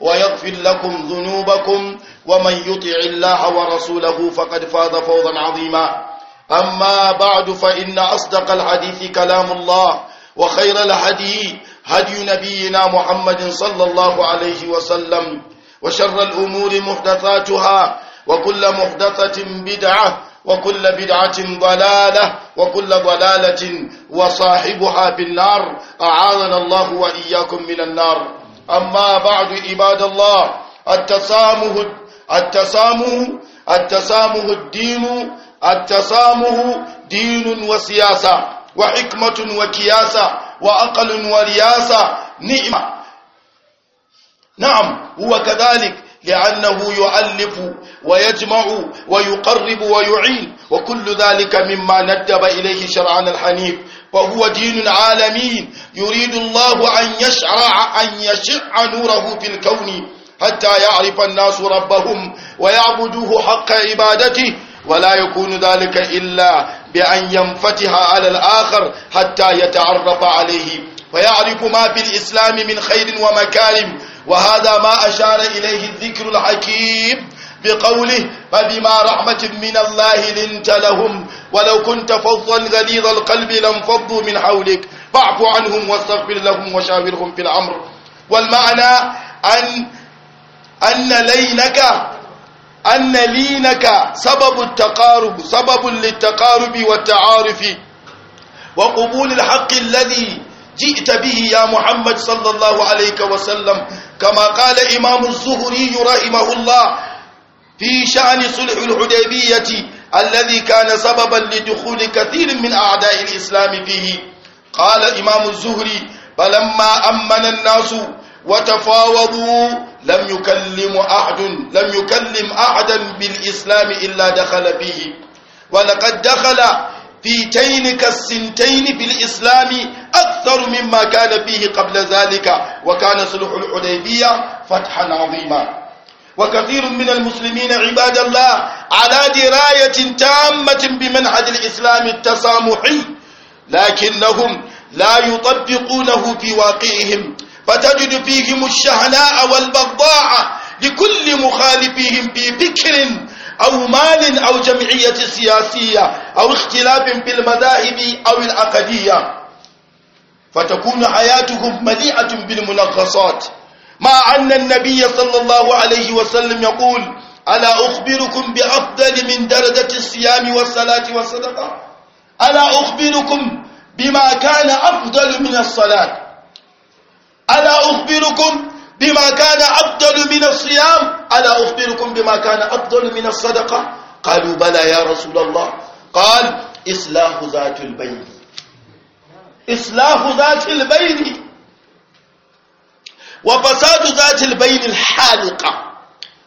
ويغفر لكم ذنوبكم ومن يطع الله ورسوله فقد فاز فوزا عظيما أما بعد فإن أصدق الحديث كلام الله وخير الهدي هدي نبينا محمد صلى الله عليه وسلم وشر الأمور محدثاتها وكل محدثة بدعة وكل بدعة ضلالة وكل ضلالة وصاحبها بالنار أعاذنا الله وإياكم من النار أما بعد عباد الله التسامح التسامح التسامح الدين التسامح دين وسياسة وحكمة وكياسة وأقل ورياسة نعمة نعم هو كذلك لأنه يؤلف ويجمع ويقرب ويعين وكل ذلك مما ندب إليه شرعنا الحنيف وهو دين العالمين يريد الله أن يشعر أن يشع نوره في الكون حتى يعرف الناس ربهم ويعبدوه حق عبادته ولا يكون ذلك إلا بأن ينفتح على الآخر حتى يتعرف عليه ويعرف ما في الإسلام من خير ومكارم وهذا ما أشار إليه الذكر الحكيم بقوله فبما رحمة من الله لنت لهم ولو كنت فظا غليظ القلب لانفضوا من حولك فاعف عنهم واستغفر لهم وشاورهم في الأمر والمعنى أن أن لينك أن لينك سبب التقارب سبب للتقارب والتعارف وقبول الحق الذي جئت به يا محمد صلى الله عليه وسلم كما قال إمام الزهري رحمه الله في شأن صلح الحديبية الذي كان سببا لدخول كثير من أعداء الإسلام فيه قال إمام الزهري فلما أمن الناس وتفاوضوا لم يكلم أحد لم يكلم أحدا بالإسلام إلا دخل فيه ولقد دخل في تينك السنتين في الإسلام أكثر مما كان فيه قبل ذلك وكان صلح الحديبية فتحا عظيما وكثير من المسلمين عباد الله على دراية تامة بمنهج الإسلام التسامحي لكنهم لا يطبقونه في واقعهم فتجد فيهم الشهناء والبغضاء لكل مخالفهم في فكر أو مال أو جمعية سياسية أو اختلاف في المذاهب أو العقدية فتكون حياتهم مليئة بالملخصات ما أن النبي صلى الله عليه وسلم يقول ألا أخبركم بأفضل من درجة الصيام والصلاة والصدقة ألا أخبركم بما كان أفضل من الصلاة ألا أخبركم بما كان أفضل من الصيام ألا أخبركم بما كان أفضل من الصدقة قالوا بلى يا رسول الله قال إصلاح ذات البين إصلاح ذات البين وفساد ذات البين الحالقة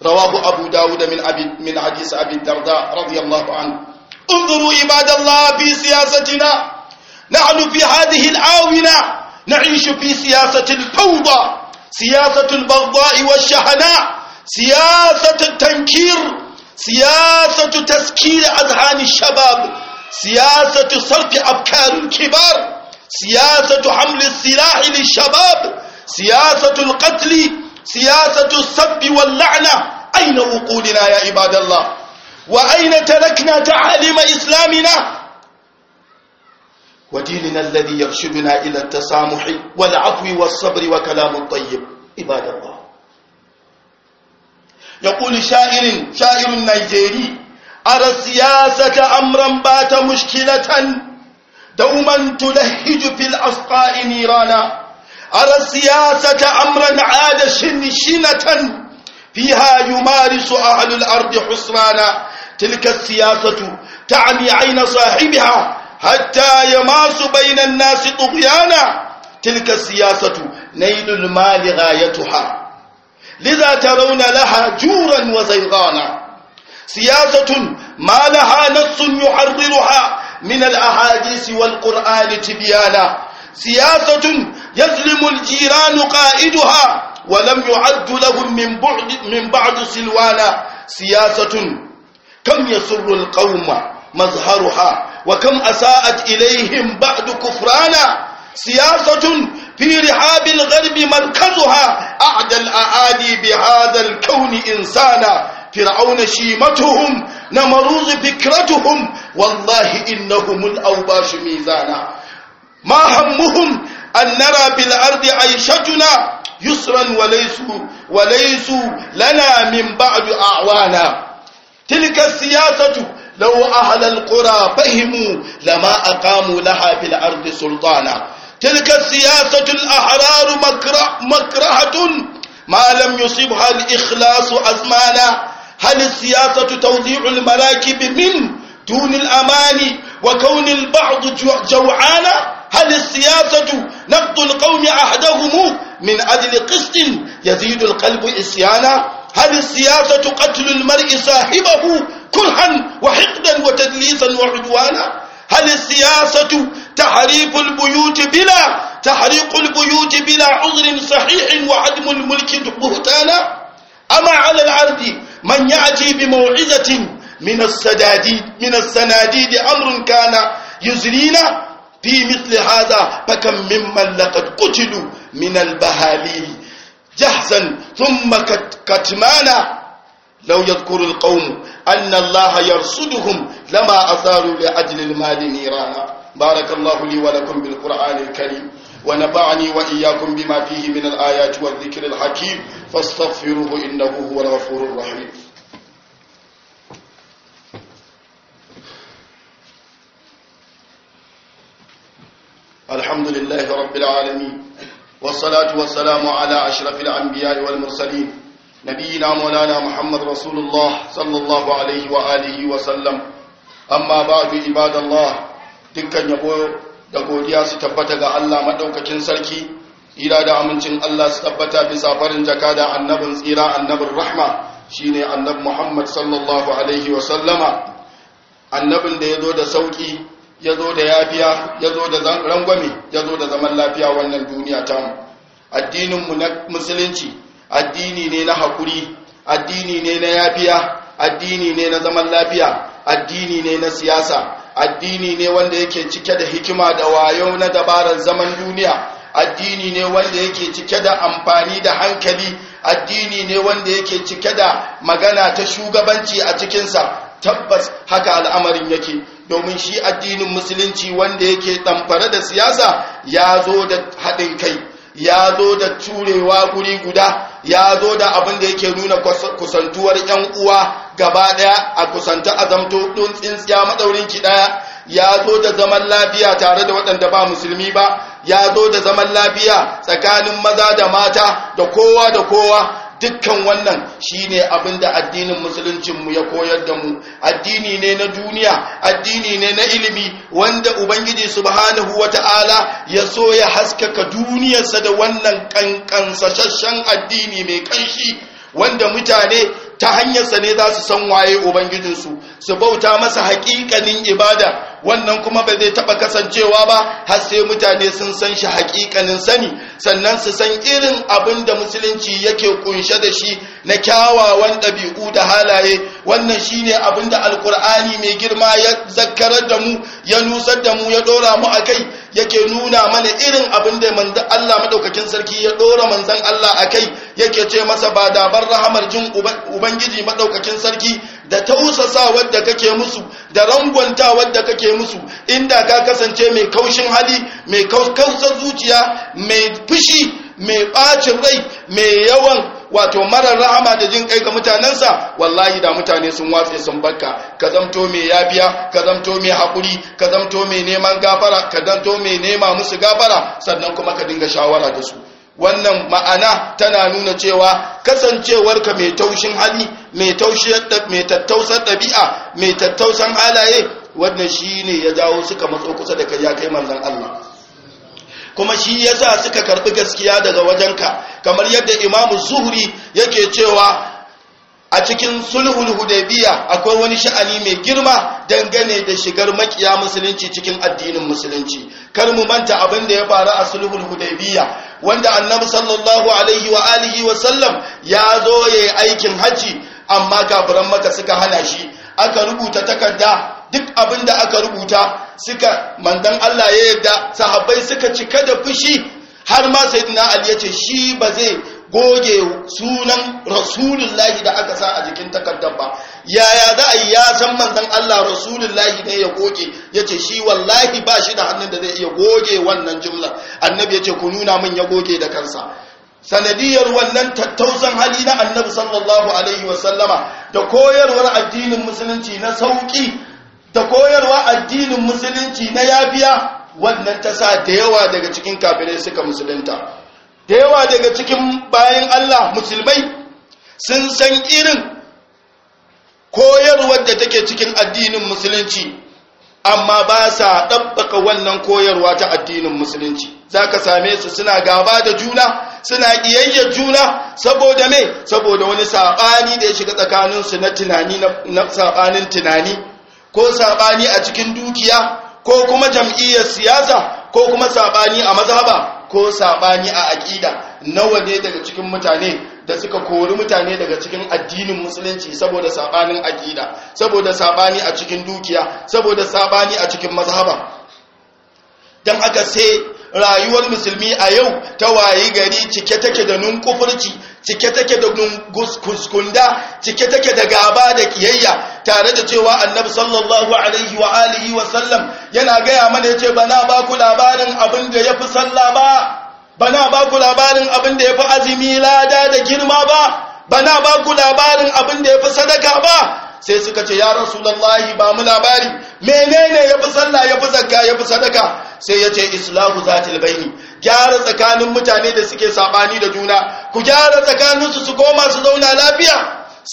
رواه أبو داود من, أبي من حديث أبي الدرداء رضي الله عنه انظروا عباد الله في سياستنا نحن في هذه الآونة نعيش في سياسة الفوضى سياسة البغضاء والشحناء سياسة التنكير سياسة تسكير أذهان الشباب سياسة صرف أفكار الكبار سياسة حمل السلاح للشباب سياسة القتل سياسة السب واللعنة أين وقودنا يا عباد الله وأين تركنا تعاليم إسلامنا وديننا الذي يرشدنا إلى التسامح والعفو والصبر وكلام الطيب عباد الله يقول شاعر شاعر نيجيري أرى السياسة أمرا بات مشكلة دوما تلهج في الأصقاء نيرانا أرى السياسة أمرا عاد شنشنة فيها يمارس أهل الأرض حسرانا تلك السياسة تعني عين صاحبها حتى يماس بين الناس طغيانا تلك السياسة نيل المال غايتها لذا ترون لها جورا وزيغانا سياسة ما لها نص يحررها من الأحاديث والقرآن تبيانا سياسة يظلم الجيران قائدها ولم يعد لهم من بعد من بعد سلوانا سياسة كم يسر القوم مظهرها وكم أساءت إليهم بعد كفرانا سياسة في رحاب الغرب مركزها أعدى الأعادي بهذا الكون إنسانا فرعون شيمتهم نمروز فكرتهم والله إنهم الأوباش ميزانا ما همهم أن نرى بالأرض عيشتنا يسرا وليس وليس لنا من بعد أعوانا تلك السياسة لو أهل القرى فهموا لما أقاموا لها في الأرض سلطانا تلك السياسة الأحرار مكره مكرهة ما لم يصبها الإخلاص أزمانا هل السياسة توزيع المراكب من دون الأمان وكون البعض جوعانا هل السياسة نقض القوم عهدهم من أجل قسط يزيد القلب إسيانا هل السياسة قتل المرء صاحبه كرها وحقدا وتدليسا وعدوانا هل السياسة تحريف البيوت بلا تحريق البيوت بلا عذر صحيح وعدم الملك بهتانا أما على الأرض من يأتي بموعظة من السداديد من السناديد أمر كان يزرينا في مثل هذا فكم ممن لقد قتلوا من البهاليل جهزا ثم كتمانا لو يذكر القوم أن الله يرصدهم لما أثاروا لأجل المال نيرانا بارك الله لي ولكم بالقرآن الكريم ونفعني وإياكم بما فيه من الآيات والذكر الحكيم فاستغفروه إنه هو الغفور الرحيم الحمد لله رب العالمين والصلاة والسلام على أشرف الأنبياء والمرسلين نبينا مولانا محمد رسول الله صلى الله عليه وآله وسلم أما بعد عباد الله dukkan yabo da godiya su tabbata ga Allah madaukakin sarki ira da amincin Allah su tabbata bisa farin jaka da annabin tsira annabin rahma shine annabi Muhammad sallallahu alaihi wa sallama annabin da ya zo da sauki ya zo da yafiya ya zo da rangwame ya zo da zaman lafiya wannan duniya tamu addininmu na musulunci addini ne na haƙuri addini ne na yafiya addini ne na zaman lafiya addini ne na siyasa addini ne wanda yake cike da hikima da wayo na dabarar zaman duniya addini ne wanda yake cike da amfani da hankali addini ne wanda yake cike da magana ta shugabanci a cikinsa tabbas haka al'amarin yake domin shi addinin musulunci wanda yake ɗamfare da siyasa ya zo da haɗin kai ya zo da turewa guri guda ya zo da abin da yake nuna kusantuwar yan uwa gaba ɗaya a kusanta a zamto ɗin tsintsiya matsaurin ki ɗaya ya zo da zaman lafiya tare da waɗanda ba musulmi ba ya zo da zaman lafiya tsakanin maza da mata da kowa da kowa dukkan wannan shine abin da addinin musuluncinmu ya koyar da mu addini ne na duniya addini ne na ilimi wanda ubangiji subhanahu wata'ala ya so ya haskaka duniyarsa da wannan kankansashashen addini mai kanshi wanda mutane ta hanyarsa ne za su san waye ubangijinsu su bauta masa haƙiƙanin ibada wannan kuma ba zai taba kasancewa ba har sai mutane sun san shi hakikanin sani sannan su san irin abin da musulunci yake kunshe da shi na kyawawan ɗabi'u da halaye wannan shine abin da alkur'ani mai girma ya zakkarar da mu ya nusar da mu ya ɗora mu a kai yake nuna mana irin abin da manzan Allah maɗaukakin sarki ya ɗora manzan Allah a kai yake ce masa ba dabar rahamar jin ubangiji maɗaukakin sarki da tausasa wadda kake musu da rangwanta wadda kake musu inda ka kasance mai kaushin hali mai kausar zuciya mai fushi mai bacin rai mai yawan wato marar rahama da jin kai ga mutanensa wallahi da mutane sun watse sun barka ka zamto mai yafiya ka zamto mai haƙuri ka zamto mai neman gafara ka zamto mai nema musu gafara sannan kuma ka dinga shawara da su wannan ma'ana tana nuna cewa kasancewarka mai taushin hali mai tattausan ɗabi'a mai tattausan halaye wannan shi ne ya jawo suka matso kusa da kai ya kai manzan Allah kuma shi ya sa suka karɓi gaskiya daga wajenka kamar yadda imamu zuhuri yake cewa a cikin sulhul hudaybiya akwai wani sha'ani mai girma dangane da shigar makiya musulunci cikin addinin musulunci kar mu manta abin da ya faru a sulhul hudaybiya wanda annabi sallallahu alaihi wa alihi wa sallam ya zo yayi aikin haji amma kafiran maka suka hana shi aka rubuta takarda duk abin da aka rubuta suka mandan Allah ya yarda sahabbai suka cika da fushi har ma sayyidina Ali ya ce shi ba zai goge sunan rasulullahi da aka sa a jikin takardar ba yaya za a yi ya san manzon Allah rasulullahi ne ya goge yace ce shi wallahi ba shi da hannun da zai iya goge wannan jumla annabi yace ku nuna min ya goge da kansa sanadiyar wannan tattausan hali na annabi sallallahu alaihi wasallama da koyarwar addinin musulunci na sauki da koyarwa addinin musulunci na yafiya wannan ta sa da yawa daga cikin kafirai suka musulunta da yawa daga cikin bayan Allah musulmai sun san irin koyarwar da take cikin addinin musulunci amma ba sa ɗabbaka wannan koyarwa ta addinin musulunci za ka same su suna gaba da juna suna ƙiyayyar juna saboda me saboda wani saɓani da ya shiga tsakaninsu na tunani na saɓanin tunani ko saɓani a cikin dukiya ko kuma jam'iyyar siyasa ko kuma saɓani a mazhaba ko sabani a aƙida nawa ne daga cikin mutane da suka kori mutane daga cikin addinin musulunci saboda sabanin aƙida saboda sabani a cikin dukiya saboda sabani a cikin mazhaba don aka sai rayuwar musulmi a yau ta wayi gari cike take da nunkufurci cike take da kuskunda cike take da gaba da kiyayya tare da cewa annabi sallallahu alaihi wa alihi wa sallam yana gaya mana yace bana ba ku labarin abin da yafi sallah ba bana ba ku labarin abin da yafi azumi lada da girma ba bana ba ku labarin abin da yafi sadaka ba sai suka ce ya rasulullahi ba mu labari menene yafi sallah yafi zakka yafi sadaka sai ya ce islahu zatil baini gyara tsakanin mutane da suke sabani da juna ku gyara tsakaninsu su goma su zauna lafiya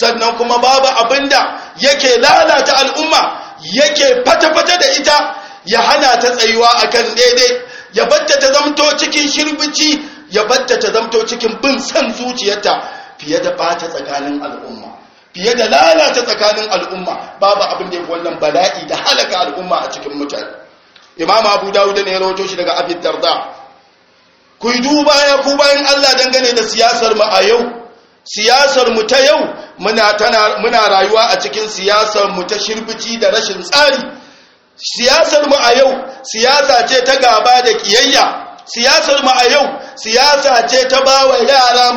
sannan kuma babu abinda yake lalata al'umma yake fata-fata da ita ya hana ta tsayuwa akan daidai ya batta ta zamto cikin shirbici ya batta ta zamto cikin bin san zuciyarta fiye da bata tsakanin al'umma fiye da lalata tsakanin al'umma babu abin da ya wannan bala'i da halaka al'umma a cikin mutane imam abu dawuda ne ya rawaito shi daga Abin darda ku yi duba ya ku bayan Allah dangane da siyasar mu a yau siyasar mu ta yau muna rayuwa a cikin siyasar mu ta shirbici da rashin tsari siyasar mu a yau siyasa ce ta gaba da kiyayya siyasar mu a yau siyasa ce ta bawa yara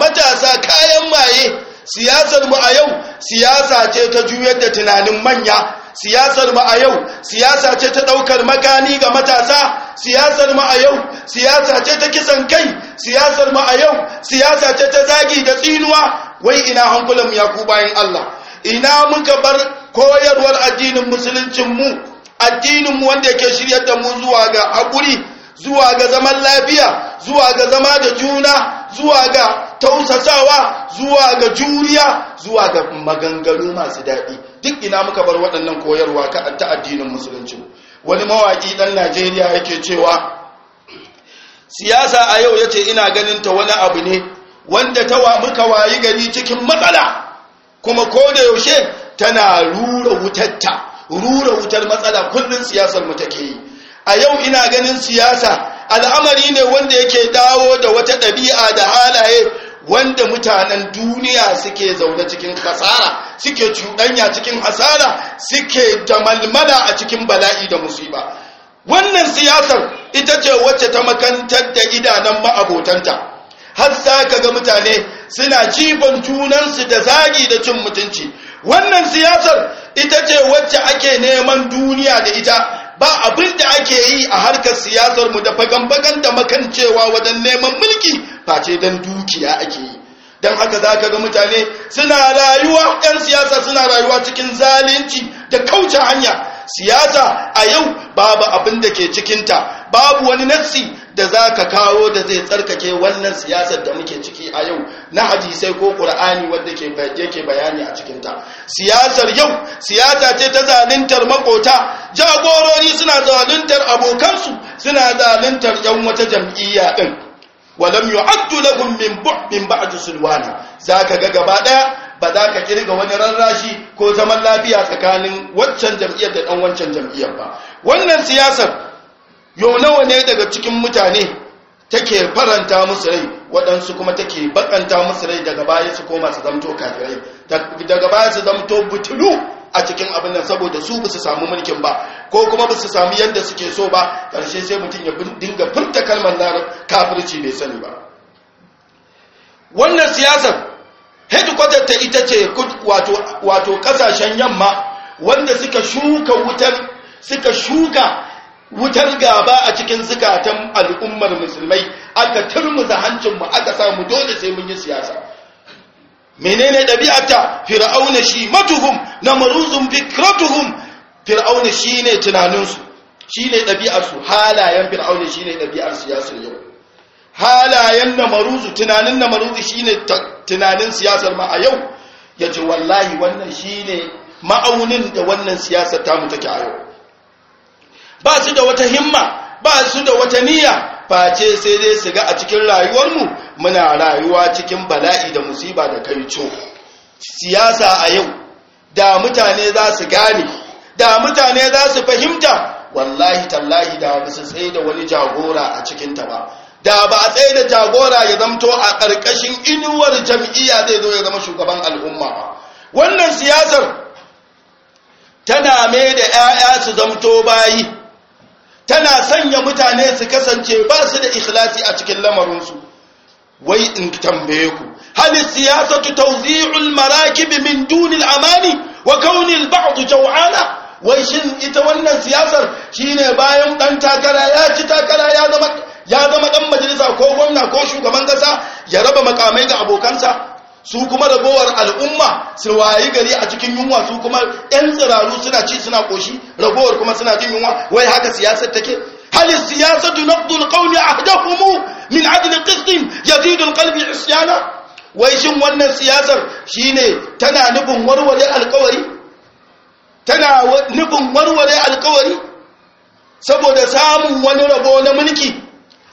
Siyasarmu a yau siyasa ce ta juyar da tunanin manya Siyasarmu a yau siyasa ce ta daukar makani ga matasa siyasar a yau siyasa ce ta kisan kai siyasar a yau siyasa ce ta zagi da tsinuwa wai ina hankulan ya ku bayan Allah ina muka bar koyarwar addinin musuluncin mu addinin mu wanda yake shiryar da mu zuwa ga hakuri zuwa ga zaman lafiya zuwa ga zama da juna zuwa ga tausasawa zuwa ga juriya zuwa ga maganganu masu daɗi duk ina muka bar waɗannan koyarwa ka ta addinin musulunci wani mawaƙi ɗan najeriya yake cewa siyasa a yau ya ce ina ganin ta wani abu ne wanda ta muka wayi gari cikin matsala kuma ko da yaushe tana rura wutarta rura wutar matsala kullum siyasar mu take yi a yau ina ganin siyasa al'amari ne wanda yake dawo da wata ɗabi'a da halaye wanda mutanen duniya suke zaune cikin kasara suke cuɗanya cikin hasara suke malmala a cikin bala'i da musiba wannan siyasar ita ce wacce ta makantar da idanan ma'abotanta har za ka ga mutane suna jifan junansu da zagi da cin mutunci wannan siyasar ita ce wacce ake neman duniya da ita ba abin da ake yi a harkar siyasar mu da fagan-fagan da makancewa wajen neman mulki face dan dukiya ake yi don haka za ka ga mutane suna rayuwa 'yan siyasa suna rayuwa cikin zalunci da kauce hanya siyasa a yau babu abin da ke cikinta babu wani nassi da za ka kawo da zai tsarkake wannan siyasar da muke ciki a yau na hadisai ko ƙura'ani wadda yake bayani a cikinta siyasar yau siyasa ce ta zaluntar makota jagorori suna zaluntar abokansu suna zaluntar yan wata jam'iyya ɗin walam yu'addu lahum min ba'd sulwana zaka ga gaba daya ba za ka kirga wani rarrashi ko zaman lafiya tsakanin waccan jam'iyyar da ɗan wancan jam'iyyar ba wannan siyasar yau nawa ne daga cikin mutane take faranta musu rai waɗansu kuma take bakanta musu rai daga baya su koma su zamto kafirai daga baya su zamto butulu a cikin abin nan saboda su bisu samu mulkin ba ko kuma bisu samu yadda suke so ba ƙarshe sai mutum ya dinga furta kalmar kafirci bai sani ba wannan siyasar headquarter ta ita ce wato kasashen yamma wanda suka shuka wutar suka shuka wutar gaba a cikin zukatan al'ummar musulmai aka turmuza hancinmu aka samu dole sai mun yi siyasa menene ɗabi'ata fir'auna shi matuhum na maruzun fikratuhum fir'auna shi tunaninsu shi ne ɗabi'arsu halayen fir'auna shi ne ɗabi'ar siyasar yau halayen Namaruzu maruzu tunanin na maruzu shine tunanin siyasar ma a yau ya ji wallahi wannan shine ma'aunin da wannan siyasar tamu take a yau ba su da wata himma ba su da wata niyya face sai dai su ga a cikin rayuwarmu muna rayuwa cikin bala'i da musiba da kaico siyasa a yau da mutane za su gane da mutane za su fahimta wallahi tallahi da ba su tsaye da wani jagora a cikinta ba da ba a tsaye da jagora ya zamto a ƙarƙashin inuwar jam'iyya zai zo ya zama shugaban al'umma ba wannan siyasar tana mai da 'ya'ya su zamto bayi tana sanya mutane su kasance ba su da ikhlasi a cikin lamarinsu wai in tambaye ku hal siyasatu tawzi'ul marakib min dunil amani wa kaunil ba'd jaw'ana wai shin ita wannan siyasar shine bayan ɗan takara ya ci takara ya zama ya zama ɗan majalisa ko gwamna ko shugaban ƙasa ya raba makamai ga abokansa su kuma ragowar al'umma su wayi gari a cikin yunwa su kuma yan tsiraru suna ci suna ƙoshi, ragowar kuma suna jin yunwa wai haka siyasar take hal siyasatu a alqawli ahdafumu min adl qist yazidu alqalbi isyana wai shin wannan siyasar shine tana nufin warware alƙawari? tana nufin warware alkawari saboda samun wani rabo na mulki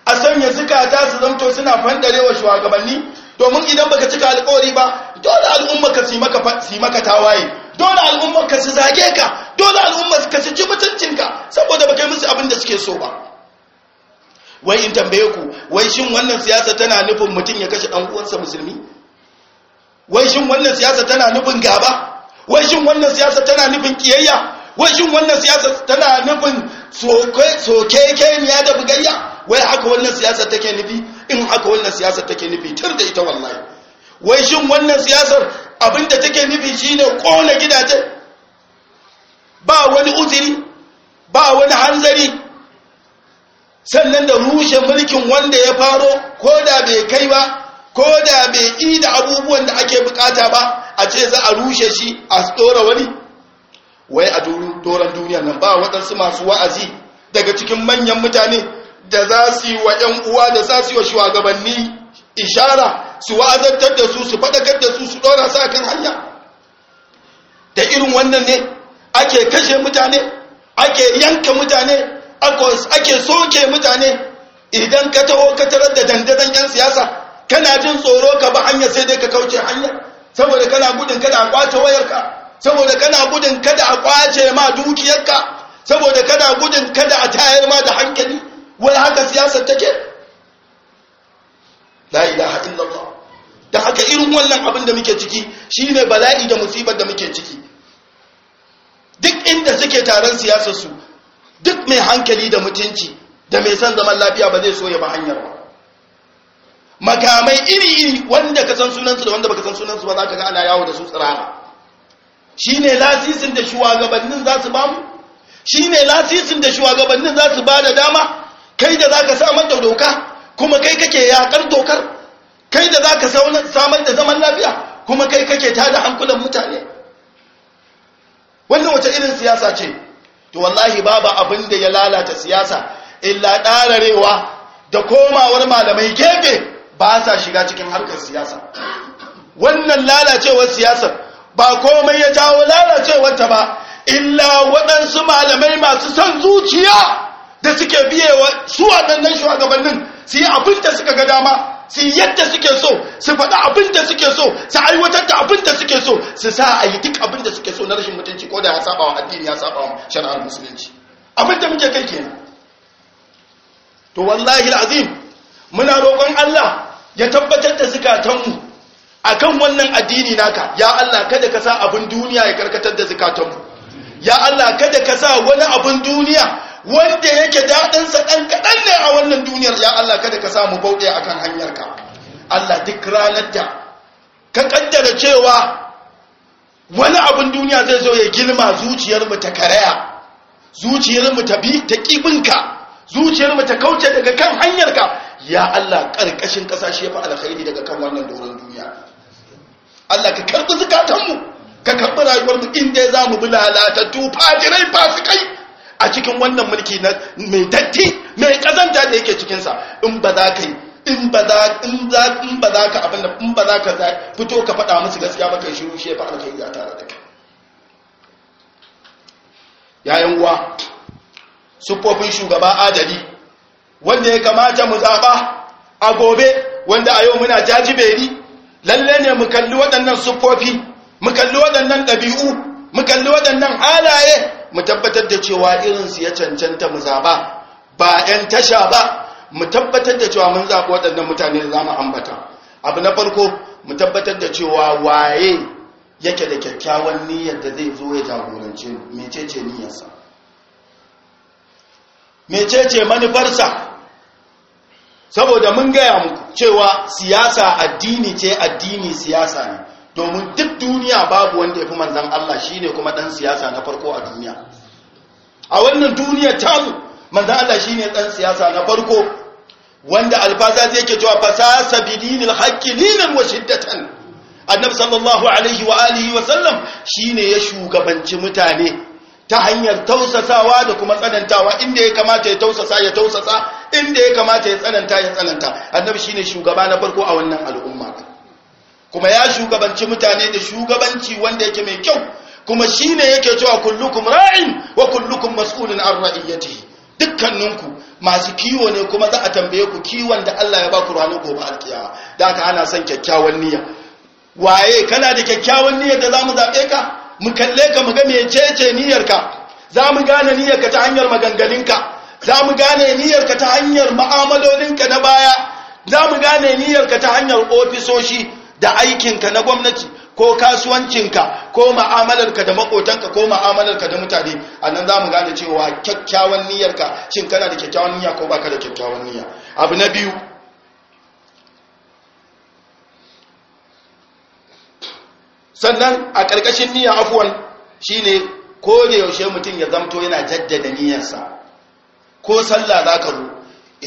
a sanya zukata su zamto suna fandarewa shugabanni domin idan baka cika alƙawari ba dole al'umma ka si maka si tawaye dole al'umma ka su zage ka dole al'umma ka su ji mutuncin ka saboda baka yi musu abin da suke so ba wai in tambaye ku wai shin wannan siyasa tana nufin mutum ya kashe dan uwansa musulmi wai shin wannan siyasa tana nufin gaba wai shin wannan siyasa tana nufin kiyayya wai shin wannan siyasa tana nufin ya da bugayya wai haka wannan siyasar take nufi in haka wannan siyasar take nufi tur da ita wallahi wai shin wannan siyasar abinda take nufi shine kona gidaje ba wani uziri, ba wani hanzari sannan da rushe mulkin wanda ya faro ko da bai kai ba ko da bai yi da abubuwan da ake bukata ba a ce za a rushe shi a tsora wani wai a doron duniya nan ba waɗansu masu wa'azi daga cikin manyan mutane da za su yi wa ‘yan uwa da za su yi wa shugabanni ishara su wa'azantar da su su faɗakar da su su ɗora su kan hanya da irin wannan ne ake kashe mutane ake yanka mutane ake soke mutane idan ka taho ka tarar da dandazon 'yan siyasa kana jin tsoro ka ba hanya sai dai ka kauce hanya saboda kana gudun kada a kwace wayarka saboda kana gudun kada a kwace ma dukiyarka saboda kana gudun kada a tayar ma da hankali wai haka siyasar take la ilaha illallah da haka irin wannan abin da muke ciki shine bala'i da musibar da muke ciki duk inda suke taron siyasar su duk mai hankali da mutunci da mai son zaman lafiya ba zai so ya ba hanyar ba makamai iri iri wanda ka san sunansu da wanda baka san sunansu ba za ka ga ana yawo da su tsirara shi lasisin da shugabannin za su bamu? shine lasisin da shugabannin za su ba dama kai da za ka samar da doka kuma kai kake yakar dokar kai da za ka samar da zaman lafiya kuma kai kake tada hankulan mutane wannan wace irin siyasa ce to wallahi babu abin da ya lalata siyasa illa ɗararewa da komawar malamai gefe ba sa shiga cikin harkar siyasa wannan lalacewar siyasar ba komai ya jawo lalacewarta ba illa waɗansu malamai masu son zuciya da suke biyewa su waɗannan shugabannin su yi abin da suka ga dama su yadda suke so su faɗi abin da suke so su aiwatar da abin da suke so su sa a yi duk abin da suke so na rashin mutunci ko da ya saba wa addini ya saba wa shari'ar musulunci abin da muke kai kenan to wallahi azim muna roƙon Allah ya tabbatar da zukatanmu akan wannan addini naka ya Allah kada ka sa abin duniya ya karkatar da zakatanmu ya Allah kada ka sa wani abin duniya wanda yake daɗinsa ɗan kaɗan ne a wannan duniyar ya Allah kada ka sa mu bauɗe akan hanyarka Allah duk ranar da ka kaddara cewa wani abin duniya zai zo ya girma zuciyarmu ta karaya zuciyarmu ta bi ta ƙibinka zuciyarmu ta kauce daga kan hanyarka ya Allah ƙarƙashin ƙasashe fa alkhairi daga kan wannan doron duniya Allah ka karbi zukatanmu ka karbi rayuwarmu in za mu bi lalatattu fajirai fasikai a cikin wannan mulki na mai datti mai kazanta da yake cikinsa in ba za ka yi in ba za in ba za ka abinda in ba za ka fito ka faɗa musu gaskiya ba kai shi shi fa alkai ya tare da kai yayin uwa sufofin shugaba adali wanda ya kamata mu zaɓa a gobe wanda a yau muna jajiberi lalle ne mu kalli waɗannan siffofi mu kalli waɗannan ɗabi'u mu kalli waɗannan halaye mu tabbatar da cewa su ya cancanta mu zaba ba 'yan tasha ba mu tabbatar da cewa mun zaɓi waɗannan mutane da za mu ambata abu na farko mu tabbatar da cewa waye yake da kyakkyawan niyyar da zai zo ya jagorance mecece niyyarsa mecece manufarsa saboda mun gaya muku cewa siyasa addini ce addini siyasa ne domin duk duniya babu wanda ya fi manzan Allah shi ne kuma ɗan siyasa na farko a duniya a wannan duniya tamu manzan Allah shi ne ɗan siyasa na farko wanda alfasa zai ke cewa fasasa bilinin haƙƙi linan wa shiddatan annabi sallallahu alaihi wa alihi wa sallam shi ne ya shugabanci mutane ta hanyar tausasawa da kuma tsanantawa inda ya kamata ya tausasa ya tausasa inda ya kamata ya tsananta ya tsananta annabi shine shugaba na farko a wannan al'umma kuma ya shugabanci mutane da shugabanci wanda yake mai kyau kuma shine yake cewa kullukum ra'in wa kullukum mas'ulun an ra'iyatihi dukkaninku masu kiwo ne kuma za a tambaye ku kiwon da Allah ya ba ku ranar gobe alkiyama da aka ana son kyakkyawan niyya waye kana da kyakkyawan niyyar da zamu zabe ka mu kalle ka mu ga ce niyyarka za mu gane niyyar ka ta hanyar maganganunka za mu gane niyyarka ta hanyar ma'amalolinka na baya za mu gane niyyarka ta hanyar ofisoshi da aikinka na gwamnati ko kasuwancinka ko ma'amalarka da makotanka ko ma'amalarka da mutane a nan za mu gane cewa kyakkyawan niyyarka shin kana da kyakkyawan niyya ko baka da kyakkyawan niyya abu na biyu sannan a ƙarƙashin niyya afuwan shine ko da yaushe mutum ya zamto yana jaddada niyyarsa ko sallah za ka zo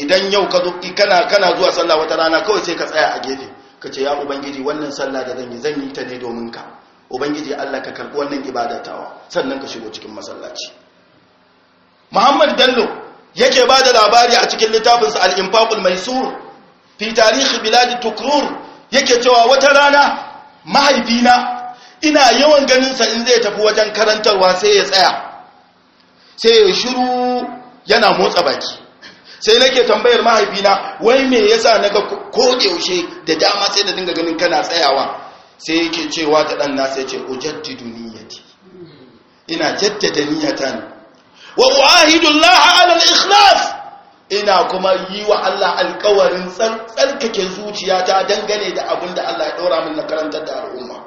idan yau ka zo kana kana zuwa sallah wata rana kawai sai ka tsaya a gefe ka ce ya ubangiji wannan sallah da zan yi zan yi ta ne domin ka ubangiji Allah ka karɓi wannan ibadatawa sannan ka shigo cikin masallaci Muhammad Bello yake ba da labari a cikin littafinsa al-Infaqul Maisur fi tarihi bilad Tukrur yake cewa wata rana mahaifina ina yawan ganin sa in zai tafi wajen karantarwa sai ya tsaya sai ya shiru yana motsa baki sai nake tambayar mahaifina wai me yasa naga ko yaushe da dama sai da dinga ganin kana tsayawa sai yake cewa ta dan nasa yace ujaddidu niyyati ina jaddada niyyatan ne wa uahidullah ala al-ikhlas ina kuma yi wa Allah alkawarin tsarkake zuciyata dangane da abin da Allah ya ɗora min na karantar da al'umma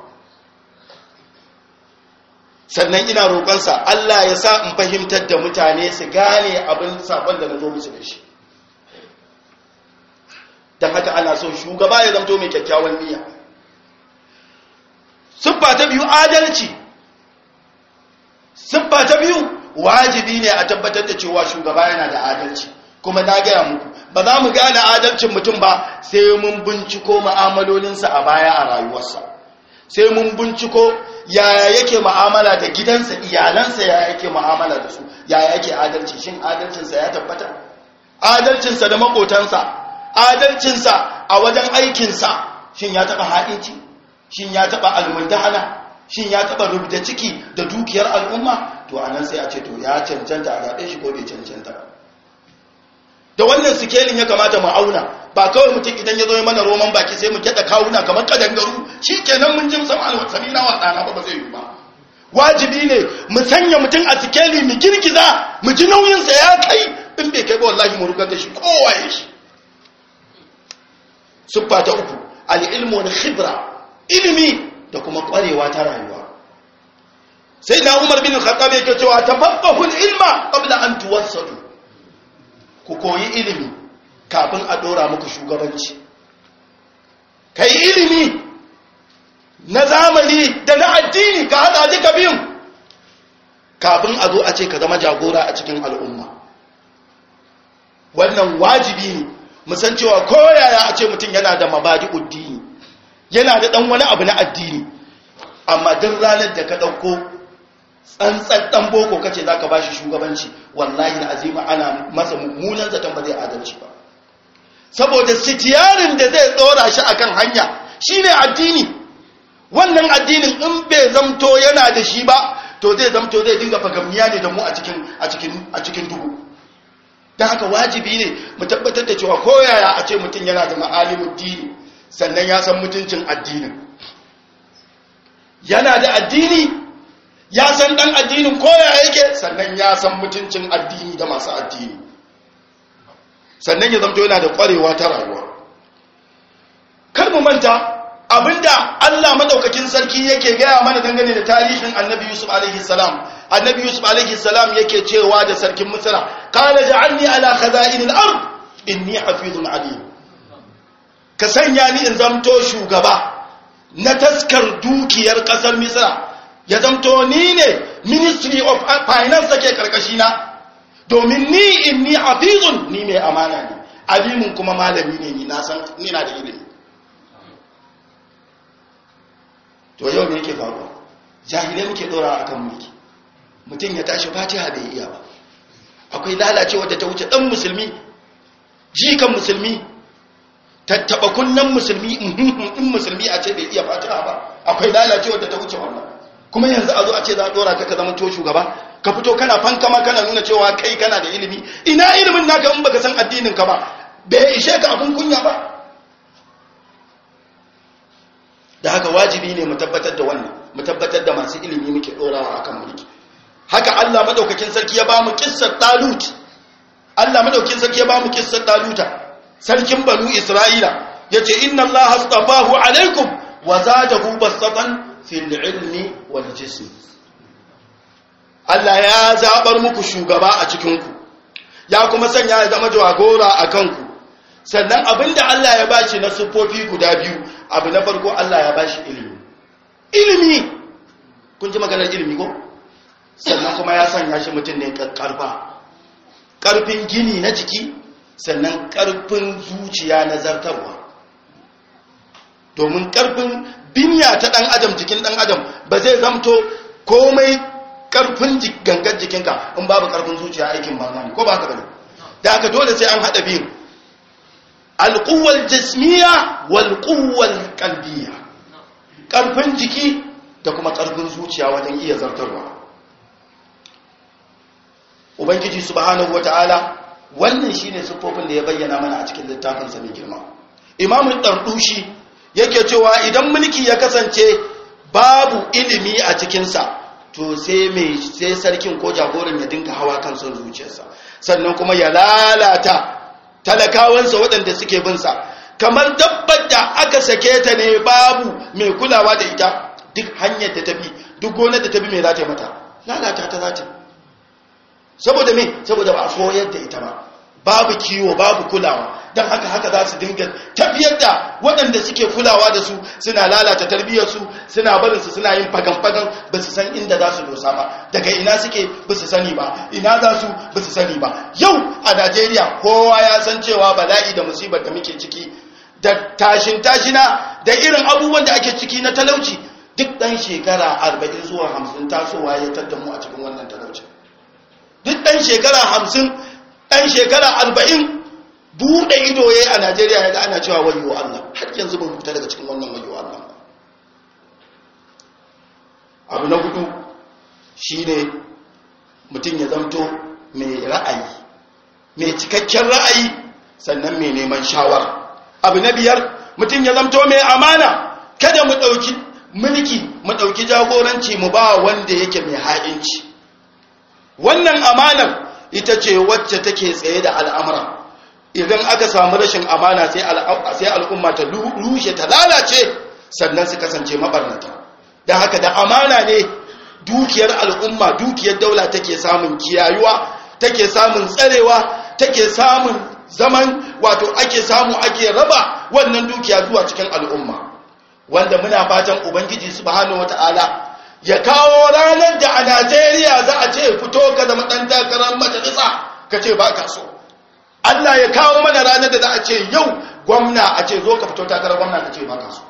sannan ina roƙonsa Allah ya sa in fahimtar da mutane su gane abin sabon da na zo musu da shi don haka ana so shugaba ya zamto mai kyakkyawan niyya siffa ta biyu adalci siffa ta biyu wajibi ne a tabbatar da cewa shugaba yana da adalci kuma na gaya muku ba za mu gane adalcin mutum ba sai mun binciko ma'amalolinsa a baya a rayuwarsa sai mun binciko yaya yake mu'amala da gidansa iyalansa yaya yake mu'amala da su yaya yake adalci shin adalcinsa ya tabbata adalcinsa da makotansa adalcinsa a wajen aikinsa shin ya taɓa haɗinci shin ya taɓa almuntahana shin ya taɓa rubuta ciki da dukiyar al'umma to a nan sai a ce to ya cancanta a zaɓe shi ko bai cancanta da wannan sikelin ya kamata mu auna ba kawai mutum idan ya zo mana roman baki sai mu kyada kawuna kamar kadangaru shi kenan mun jin sama alwatsami na wa ba ba zai yi ba wajibi ne mu sanya mutum a sikeli mu girgiza mu ji nauyinsa ya kai in bai kai ba wallahi mu rugar da shi kowa ya shi siffa ta uku al'ilmu wani khibra ilimi da kuma kwarewa ta rayuwa sai na umar bin khattab yake cewa tafaffahul ilma qabla an tuwassadu ku koyi ilimi kafin a dora muku shugabanci ka yi ilimi na zamani da na addini ka haɗa duka biyun kafin a zo a ce ka zama jagora a cikin al'umma wannan wajibi ne musan cewa ko yaya a ce mutum yana da mabadi uddini yana da ɗan wani abu na addini amma duk ranar da ka ɗauko tsantsan ɗan boko kace za ka ba shi shugabanci wallahi na azima ana masa mummunan zaton ba zai adalci ba saboda sitiyarin da zai tsora shi akan hanya shine addini wannan addinin in bai zamto yana da shi ba to zai zamto zai dinga fagamniya ne da mu a cikin a cikin a cikin duhu dan haka wajibi ne mu tabbatar da cewa koyaya a ce mutum yana da ma'alimin dini sannan ya san mutuncin addinin yana da addini ya san dan addinin koyaya yake sannan ya san mutuncin addini da masu addini sannan ya zamto yana da kwarewa ta rayuwa kar mu manta abinda Allah madaukakin sarki yake gaya mana dangane da tarihin Annabi Yusuf alaihi salam Annabi Yusuf alaihi salam yake cewa da sarkin Misra qala ja'alni ala al ard inni hafizun alim ka sanya ni in zamto shugaba na taskar dukiyar kasar Misra ya zamto ni ne ministry of finance take karkashi na domin ni in ni hafizun ni mai amana ne alimin kuma malami ne ni na san ni na da ilimi to yau me yake faruwa jahilai muke dora akan mulki mutum ya tashi fatiha bai iya ba akwai lalacewa da ta wuce dan musulmi jikan musulmi tattaba kunnan musulmi in uhm, uhm, uhm, musulmi a ce bai iya fatiha ba akwai lalacewa da ta wuce wannan kuma yanzu a zo a ce za a dora ka ka zama to shugaba ka fito kana ma kana nuna cewa kai kana da ilimi ina ilimin naka in baka san addinin ka ba bai ishe ka abun kunya ba da haka wajibi ne mu tabbatar da wannan mu tabbatar da masu ilimi muke dorawa akan mulki haka Allah madaukakin sarki ya bamu kissar Talut Allah madaukakin sarki ya mu kissar Taluta sarkin Banu Isra'ila yace inna Allah astafahu alaikum wa zadahu basatan fil ilmi wal jismi Allah ya zaɓar muku shugaba a cikinku ya kuma sanya ya zama jagora a kanku sannan abinda Allah ya bashi na siffofi guda biyu abu na farko Allah ya bashi ilimi ilimi kun ji maganar ilimi ko sannan kuma ya sanya shi mutum ne karfa karfin gini na jiki sannan karfin zuciya na zartarwa domin karfin binya ta ɗan adam jikin ɗan adam ba zai zamto komai karfin gangar jikinka in babu karfin zuciya aikin ba ko ba ka bane da aka dole sai an hada biyu alquwwal jismiya wal quwwal qalbiya karfin jiki da kuma karfin zuciya wajen iya zartarwa ubangiji subhanahu wataala wannan shine sifofin da ya bayyana mana a cikin littafin sa mai girma imamu Ɗarɗushi, yake cewa idan mulki ya kasance babu ilimi a cikinsa to sai mai sai sarkin ko jagoran ya dinga hawa kan son zuciyarsa sannan kuma ya lalata talakawansa waɗanda suke binsa kamar dabbar da aka sake ta ne babu mai kulawa da ita duk hanyar da tafi duk gonar da tafi mai mata lalata ta saboda me saboda ba a koyar da ita ba babu kiwo babu kulawa don haka haka za su dinga tafiyar da waɗanda suke kulawa da su suna lalata su, suna barin su, suna yin fagan-fagan ba su san inda za su dosa ba daga ina suke ba su sani ba ina za su ba su sani ba yau a najeriya kowa ya san cewa bala'i da musibar da muke ciki da tashin-tashina da irin abubuwan da ake ciki na talauci duk ɗan shekara arba'in zuwa hamsin tasowa ya tattamu a cikin wannan talauci duk ɗan shekara hamsin ɗan shekara arba'in Buɗe ido yayi a Najeriya da ana cewa wayo Allah har yanzu ban fita daga cikin wannan wayo Allah abu na hudu shine mutum ya zamto mai ra'ayi mai cikakken ra'ayi sannan mai neman shawara abu na biyar mutum ya zamto mai amana kada mu ɗauki mulki mu ɗauki jagoranci mu ba wanda yake mai ha'inci wannan amanar ita ce wacce take tsaye da al'amuran idan aka samu rashin amana sai al'umma ta rushe ta lalace sannan su kasance mabarnata don haka da amana ne dukiyar al'umma dukiyar daula take samun kiyayuwa take samun tsarewa take samun zaman wato ake samu ake raba wannan dukiya zuwa cikin al'umma wanda muna fatan ubangiji subhanahu wata'ala ya kawo ranar da a najeriya za a ce fito ka zama ɗan takarar majalisa ka ce ba ka so Allah ya kawo mana ranar da za a ce yau gwamna a ce zo ka fito takarar gwamna ka ce baka su.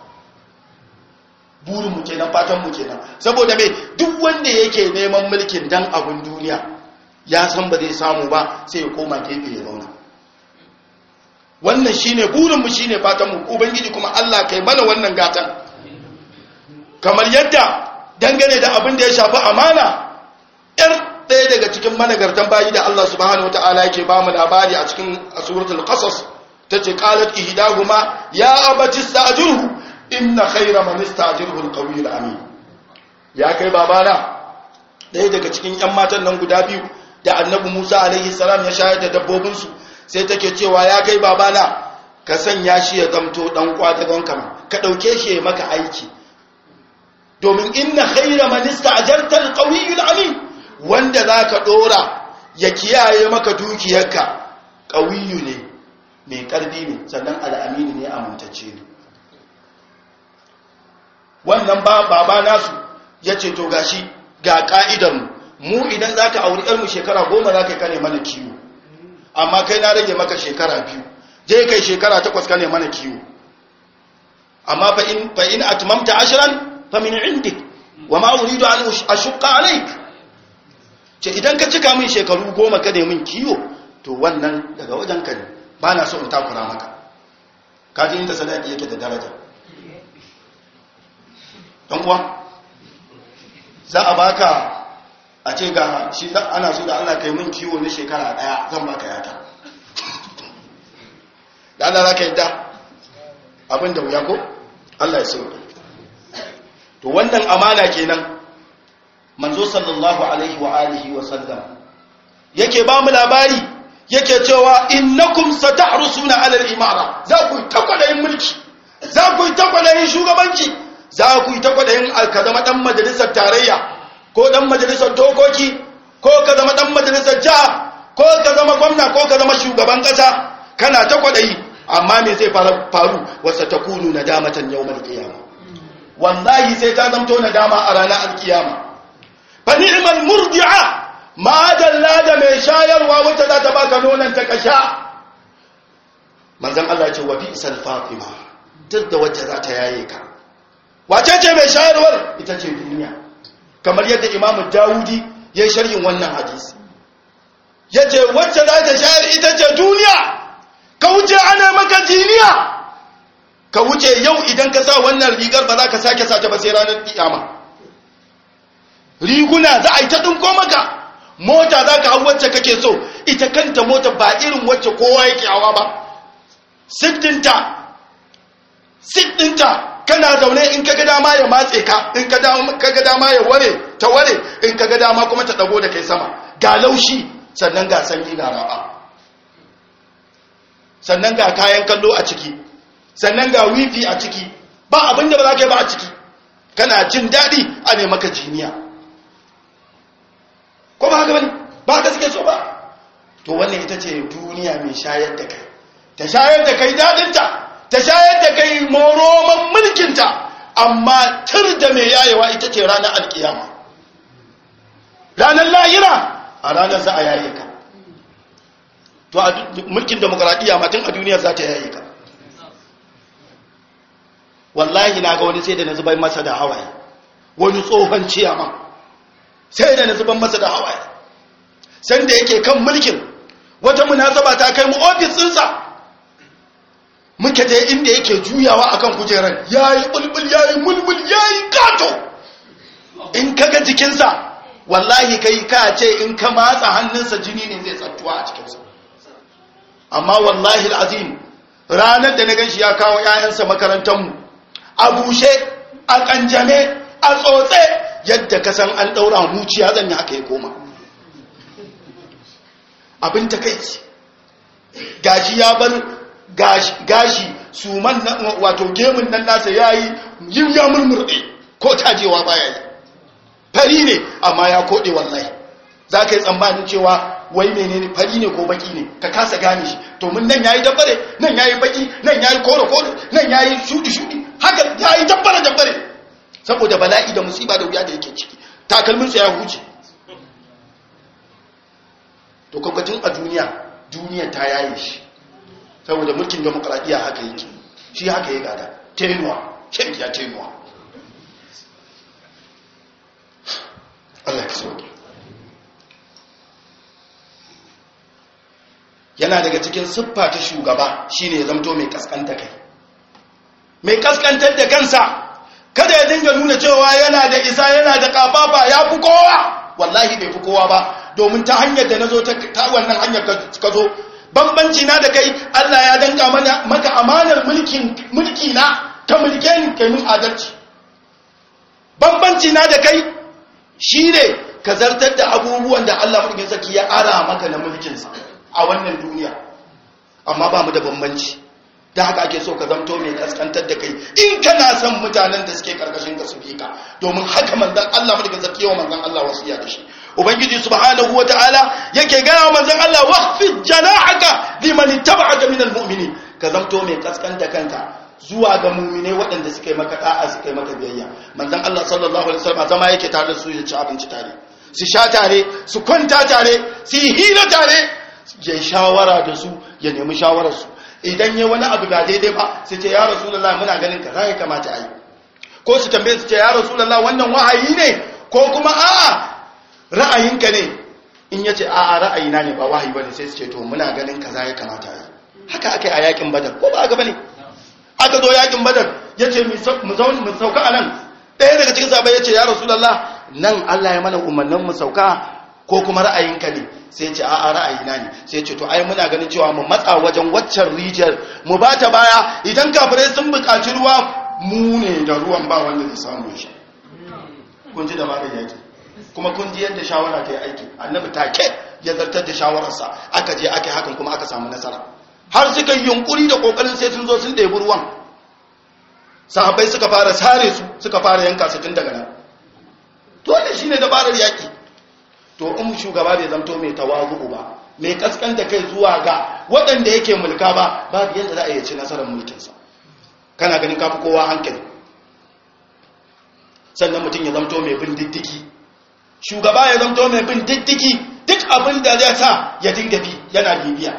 Burinmu mu kenan fatan mu kenan saboda me duk wanda yake neman mulkin dan abin duniya ya san ba zai samu ba sai ya koma gefe ya zauna wannan shine burin mu shine fatan mu ubangiji kuma Allah kai mana wannan gatan kamar yadda dangane da abin da ya shafi amana yar ɗaya daga cikin managartan bayi da Allah subhanahu wataala yake ba mu labari a cikin suratul qasas tace qalat ihdahuma ya abati istajirhu inna khayra man istajirhu alqawiyul amin ya kai babana ɗaya daga cikin ƴan matan nan guda biyu da annabi Musa alaihi salam ya shayar da dabbobin su sai take cewa ya kai babana ka sanya shi ya zamto dan kwata kama ka dauke shi ya maka aiki domin inna khayra man istajirta alqawiyul amin wanda za ka ɗora ya kiyaye maka dukiyarka ƙawiyu ne mai ƙarfi ne sannan al'amini ne a amintacce ne wannan ba nasu ya ce to gashi ga ƙa’idanmu mu idan za ka auri ‘yarmu shekara goma za ka kane mana kiwo amma kai na rage maka shekara biyu je kai shekara takwas kane mana kiwo amma fa'in atmamta ashirin famin indik wa ma'uridu a shuka alaik ce idan ka cika min shekaru goma ka min kiwo to wannan daga wajen ka ne ba na so in takura maka kaji inda sadaki yake da daraja don kuwa za a baka a ce ga shi ana so da allaka kai min kiwo na shekara daya zan baka yata da allaka za ka yadda abinda da wuya ko allah ya sauka to wannan amana kenan manzo sallallahu alaihi wa alihi wa sallam yake ba mu labari yake cewa innakum satahrusuna ala al-imara za ku takwada yin mulki za ku takwada yin shugabanci za ku takwada yin alkazama dan majalisar tarayya ko dan majalisar dokoki ko ka zama dan majalisar jiha ko ka zama gwamna ko ka zama shugaban kasa kana takwada yi amma me zai faru wasa takunu nadamatan yawmal qiyamah wallahi sai ta zamto nadama a ranar alkiyama fa murdi'a ma dalla da mai shayarwa wacce za ta baka nonon ta kasha manzon Allah ce wa bi bi'sal fatima duk da wacce za ta yaye ka wace ce mai shayarwar ita ce duniya kamar yadda imamu dawudi ya sharhin wannan hadisi Ya ce wacce za ta shayar ita ce duniya ka wuce ana maka jiniya ka wuce yau idan ka sa wannan rigar ba za ka sake sata ba sai ranar kiyama riguna za a yi ta ɗin maka mota za ka hau wacce kake so ita kanta mota ba irin wacce kowa yake hawa ba sittinta sittinta kana zaune in kaga dama ya matse ka in kaga dama ya ware ta ware in kaga dama kuma ta ɗago da kai sama ga laushi sannan ga sanyi na raba sannan ga kayan kallo a ciki sannan ga wifi a ciki ba abinda ba za ka yi ba a ciki kana jin daɗi a ne maka jiniya ba ga ba ka suke so ba to wannan ita ce duniya mai shayar da kai ta shayar da kai dadinta ta shayar da kai moroman mulkinta amma tur da mai yayewa ita ce ranar alkiyama ranar lahira a ranar za a yaye ka to a mulkin demokradiyya matan a duniya za ta yaye ka wallahi na ga wani sai da na zubar masa da hawaye wani tsohon ciyama sai da na zubar masa da hawaye sanda yake kan mulkin wata munasaba ta kai mu ofis ɗinsa muke je inda yake juyawa akan kujeran yayi bulbul yayi mulmul yayi gato in kaga jikinsa wallahi kai ka ce in ka matsa hannunsa jini ne zai tsattuwa a cikinsa amma wallahi al'azim ranar da na ganshi ya kawo 'ya'yansa makarantarmu a bushe a ƙanjame a tsotse yadda ka san an ɗaura muciya zan yi haka ya koma abin takaici gashi ya bar gashi su man wato gemun nan nasa yayi yin ya murmurde ko tajewa baya yi fari ne amma ya kode wallahi za ka yi tsammanin cewa wai ne fari ne ko baki ne ka kasa gane shi to mun nan yayi dabbare nan yayi baki nan yayi kore kore nan yayi shudi shudi haka yayi dabbare dabbare saboda bala'i da musiba da wuya da yake ciki takalmin sa ya huce to kwakwatin a duniya duniya ta yaye shi saboda mulkin demokradiyya haka yake shi haka ya gada tenuwa shan ya tenuwa yana daga cikin siffa ta shugaba shine ya zamto mai kaskanta kai mai kaskantar da kansa kada ya dinga nuna cewa yana da isa yana da kafafa ya fi kowa wallahi bai fi kowa ba domin ta hanyar da nazo ta wannan hanyar ka zo bambanci na da kai Allah ya danka maka amanar mulkin mulki na ka mulke ni kai mun adalci bambanci na da kai shi ne, ka zartar da abubuwan da Allah mulkin saki ya ara maka na mulkin sa a wannan duniya amma ba mu da bambanci da haka ake so ka zamto mai kaskantar da kai in kana son mutanen da suke karkashin ka su ka domin haka manzon Allah mulkin saki yawa manzon Allah wasiya da shi ubangiji subhanahu wataala yake gaya manzon Allah waqfid janahaka liman ittaba'aka minal mu'minin ka zamto mai kaskanta kanka zuwa ga mumine waɗanda suka yi maka da'a suka yi maka biyayya manzon Allah sallallahu alaihi wasallam zama yake tare da su ya ci abinci tare su sha tare su kwanta tare su yi hira tare ya shawara da su ya nemi shawarar su idan ya wani abu ba daidai ba sai ce ya rasulullahi muna ganin ka zai kamata a ko su tambaye su ce ya rasulullahi wannan wahayi ne ko kuma a'a ra'ayinka ne in ya ce a'a ra'ayina ne ba wahayi ne sai su ce to muna ganin kaza ya kamata yi haka aka yi a yakin badar ko ba a bane aka zo yakin badar ya ce mu zaune mu sauka a nan ɗaya daga cikin sabai ya ce ya rasulallah nan allah ya mana umarnin mu sauka ko kuma ra'ayinka ne sai ce a'a ra'ayina ne sai ce to ai muna ganin cewa mu matsa wajen waccan rijiyar mu ba ta baya idan kafirai sun buƙaci ruwa mu ne da ruwan ba wanda zai samu shi kun ji dabarar yaki kuma kun ji yadda shawara ta yi aiki annabi take ya zartar da shawararsa aka je aka hakan kuma aka samu nasara har suka yunkuri da kokarin sai sun zo sun ɗebi ruwan sahabbai suka fara sare su suka fara yanka su tun daga nan dole ne dabarar yaƙi. to in shugaba bai zamto mai tawazu ba mai kaskanta kai zuwa ga waɗanda yake mulka ba babu yadda za a yi ci nasarar mulkinsa kana ganin kafi kowa hankali sannan mutum ya zamto mai bin diddigi shugaba ya zamto mai bin diddiki duk abin da zai sa ya dinga bi yana bibiya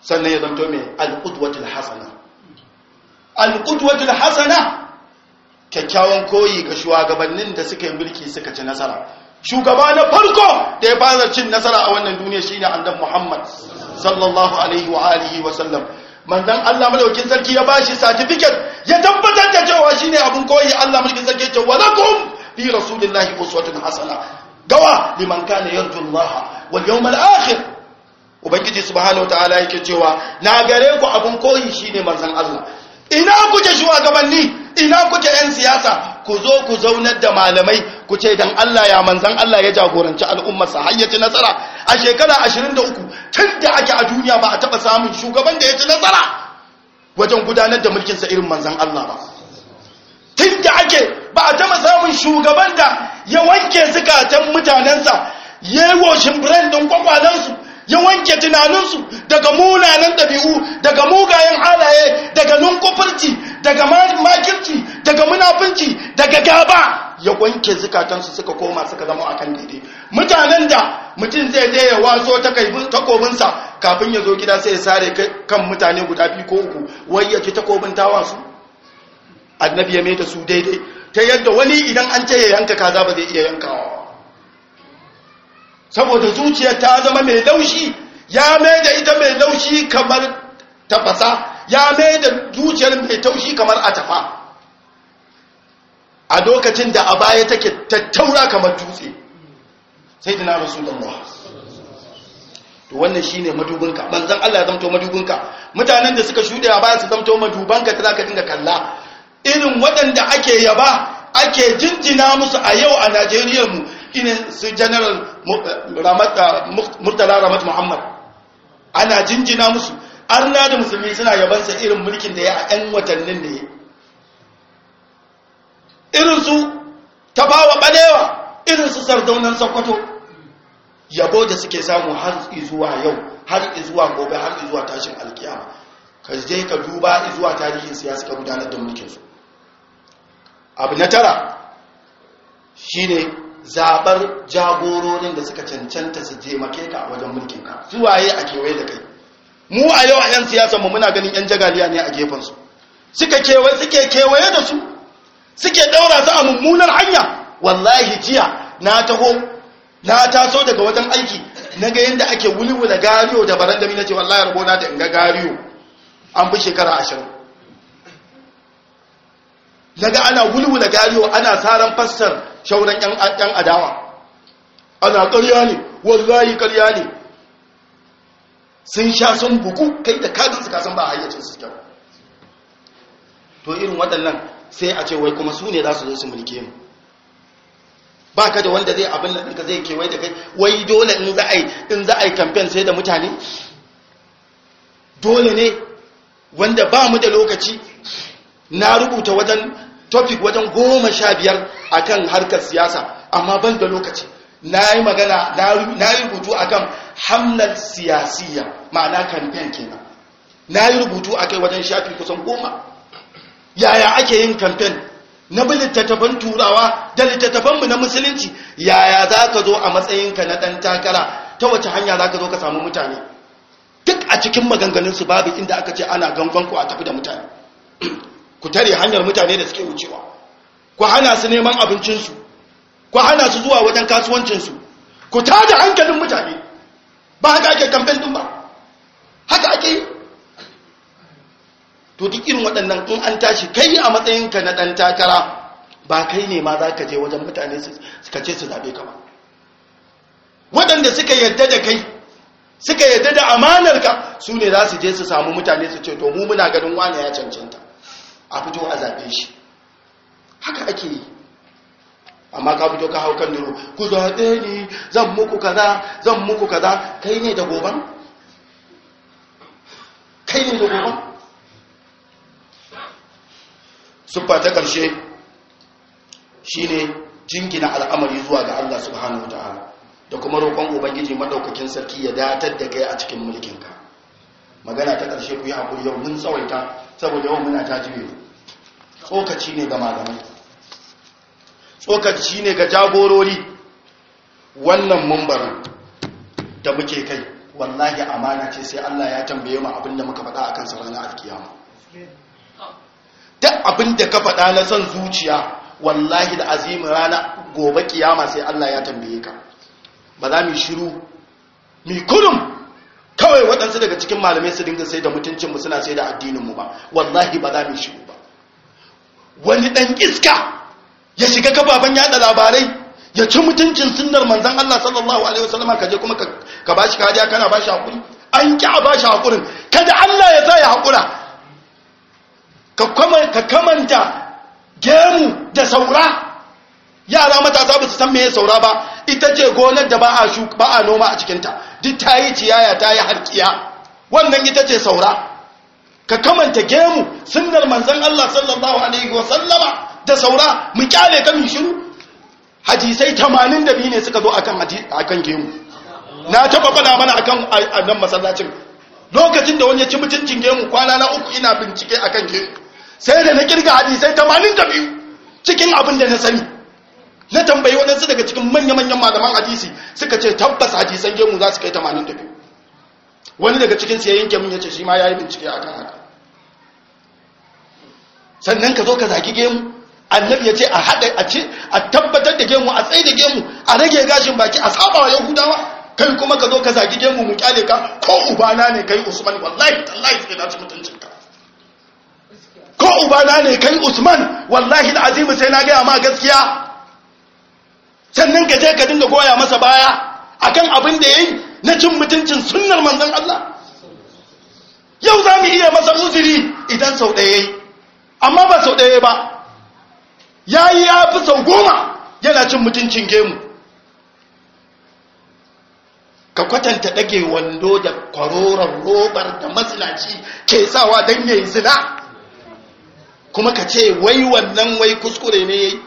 sannan ya zamto mai al'udwatul hasana al'udwatul hasana kyakkyawan koyi ga shugabannin da suka yi mulki suka ci nasara shugaba na farko da ya fara cin nasara a wannan duniya shine annabi Muhammad sallallahu alaihi wa alihi wa sallam manzon Allah madaukin sarki ya bashi certificate ya tabbatar da cewa shine abun koyi Allah madaukin sarki ya ce walakum fi rasulillahi uswatun hasana gawa liman kana yarju Allah wal yawmal akhir ubangiji subhanahu wataala yake cewa na gare ku abun koyi shine manzon Allah ina kuke shugabanni ina kuke yan siyasa ku zo ku zaunar da malamai ku ce dan Allah ya manzan Allah ya jagoranci al'ummar sa hayyaci nasara a shekara 23 tun da ake a duniya ba a taba samun shugaban da ya ci nasara wajen gudanar da mulkin sa irin manzan Allah ba tun da ake ba a taba samun shugaban da ya wanke zikatan mutanensa ya yi washin brandin kwakwalensu ya wanke tunaninsu daga munanan ɗabi'u daga mugayen halaye daga nunkufurci daga makirci daga munafunci daga gaba ya wanke zikatansu suka koma suka zama akan daidai mutanen da mutum zai je ya waso takobinsa kafin ya zo gida sai ya sare kan mutane guda biyu ko uku wai ya ci takobin tawa su annabi ya mai da su daidai ta yadda wani idan an ce ya yanka kaza ba zai iya yankawa saboda zuciyar ta zama mai laushi ya mai da ita mai laushi kamar tafasa ya mai da zuciyar mai taushi kamar a tafa. a lokacin da a baya take tattaura kamar dutse sai dina rasulullah to wannan shine madubinka zan Allah ya zamto madubinka mutanen da suka shude a baya su zamto madubanka ta ka dinga kalla irin waɗanda ake yaba ake jinjina musu a yau a najeriya mu ina su general eh, eh, murtala ramat muhammad ana jinjina musu arna da musulmi suna yabansa irin mulkin da ya a 'yan watannin da ya irin su tabawa balewa irin su sardaunan sokoto yabo da suke samu har izuwa yau har izuwa gobe har izuwa tashin alkiyama ka je ka duba izuwa tarihin siyasa ka gudanar da mulkinsu abu na tara shi ne zaɓar jagororin da suka cancanta su make ka a wajen mulkin ka zuwaye a kewaye da kai mu a yau a yan siyasa mu muna ganin yan jagaliya ne a gefen su suka kewaye suke kewaye da su suke daura su a mummunar hanya wallahi jiya na taho na taso daga wajen aiki na ga yadda ake da gariyo da barandami na ce wallahi rabo da in ga gariyo an fi shekara ashirin ga ana da gariyo ana saran fassar shauran yan adawa ana karya ne wallahi karya ne sun sha sun bugu kai da kadin su san ba hayyacin su kyau to irin waɗannan sai a ce wai kuma su ne za su zo su mulke mu ba ka da wanda zai abin nan ka zai kewaye da kai wai dole in za a yi in za a yi kamfen sai da mutane dole ne wanda ba mu da lokaci na rubuta wajen topic wajen goma sha biyar a kan harkar siyasa amma ban da lokaci na yi magana na yi rubutu a kan hamlar siyasiyya ma'ana kamfen kenan na yi rubutu a kai wajen shafi kusan goma yaya ake yin kamfen na bi littattafan turawa da littattafanmu na musulunci yaya za ka zo a matsayinka na ɗan takara ta wace hanya za ka zo ka samu mutane duk a cikin maganganunsu babu inda aka ce ana gangon ku a tafi da mutane ku tare hanyar mutane da suke wucewa ku hana su neman abincinsu ku hana su zuwa wajen kasuwancinsu ku tada hankalin mutane ba haka ake kamfen din ba haka ake yi to duk irin waɗannan in an tashi kai a matsayinka na ɗan takara ba kai ne ma za ka je wajen mutane su ka ce su zaɓe ka ba waɗanda suka yarda da kai suka yarda da amanarka su ne za su je su samu mutane su ce to mu muna ganin wane ya cancanta a fito a zaɓe shi haka ake yi amma ka fito ka hau kan niro ku zaɓe ni zan muku kaza zan muku kaza kai ne da goban kai ne da goban suffa ta ƙarshe shi shine jingina al'amari zuwa ga Allah subhanahu ta'ala da kuma roƙon ubangiji madaukakin sarki ya datar da kai a cikin mulkinka magana ta ƙarshe ku yi haƙuri yau mun tsawaita saboda yau muna ta jiwe tsokaci ne ga malamai tsokaci ne ga jagorori wannan mumbarin da muke kai wallahi amana ce sai Allah ya tambaye mu abin da muka faɗa akan kansa ranar alkiyama duk abin da ka faɗa na son zuciya wallahi da azimin rana gobe kiyama sai Allah ya tambaye ka ba za mu shiru Mi kurum kawai waɗansu daga cikin malamai su dinga sai da mu suna sai da addininmu ba wallahi ba za mu shiru wani ɗan iska ya shiga kafafen yada labarai ya ci mutuncin sunnar manzan Allah sallallahu alaihi wasallam ka je kuma ka bashi kariya kana bashi hakuri an ki a bashi hakurin kada Allah ya sa ya hakura ka kamanta gemu da saura yara matasa ba su san meye saura ba ita ce gonar da ba a noma a cikinta duk tayi ciyaya tayi harkiya wannan ita ce saura ka kamanta gemu sunnar manzan Allah sallallahu alaihi wa sallama da saura mu kyale ka mu shiru hadisai 82 ne suka zo akan akan gemu na taba faɗa mana akan annan masallacin lokacin da wani ya ci mutuncin gemu kwana na uku ina bincike akan gemu sai da na kirga hadisai 82 cikin abin da na sani na tambayi waɗansu daga cikin manya-manyan malaman hadisi suka ce tabbas hadisan gemu za su kai 82 wani daga cikin su ya yanke mun yace shi ma yayi bincike akan haka sannan ka zo ka zaki gemu annabi ya ce a hada a ce a tabbatar da gemu a tsaye da gemu a rage gashin baki a sabawa yahudawa kai kuma ka zo ka zaki gemu mu kyale ka ko ubana ne kai usman wallahi tallahi sai na ci ka. ko ubana ne kai usman wallahi alazim sai na ga ma gaskiya sannan ka je ka dinga goya masa baya akan abin da yayi na cin mutuncin sunnar manzon Allah yau za mu iya masa uzuri idan sau ɗaya yi amma ba sau ɗaya ba ya yi ya fi sau goma yana cin mutuncin gemu ka kwatanta ɗage wando da kwaroron robar da matsinaci ke sawa don ya yi zina kuma ka ce wai wannan wai kuskure ne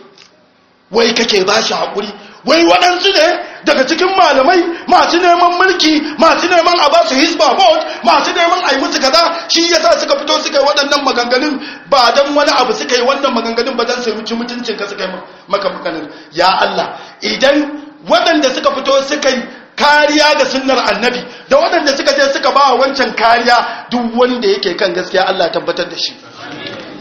wai kake ba shi haƙuri wai waɗansu ne daga cikin malamai masu neman mulki masu neman a basu hisba bot masu neman a yi musu kaza shi yasa suka fito suka yi waɗannan maganganun ba don wani abu suka yi wannan maganganun ba don sai wuce mutuncin ka suka yi maka ya Allah idan waɗanda suka fito suka yi kariya da sunnar annabi da waɗanda suka je suka ba wancan kariya duk wanda yake kan gaskiya Allah tabbatar da shi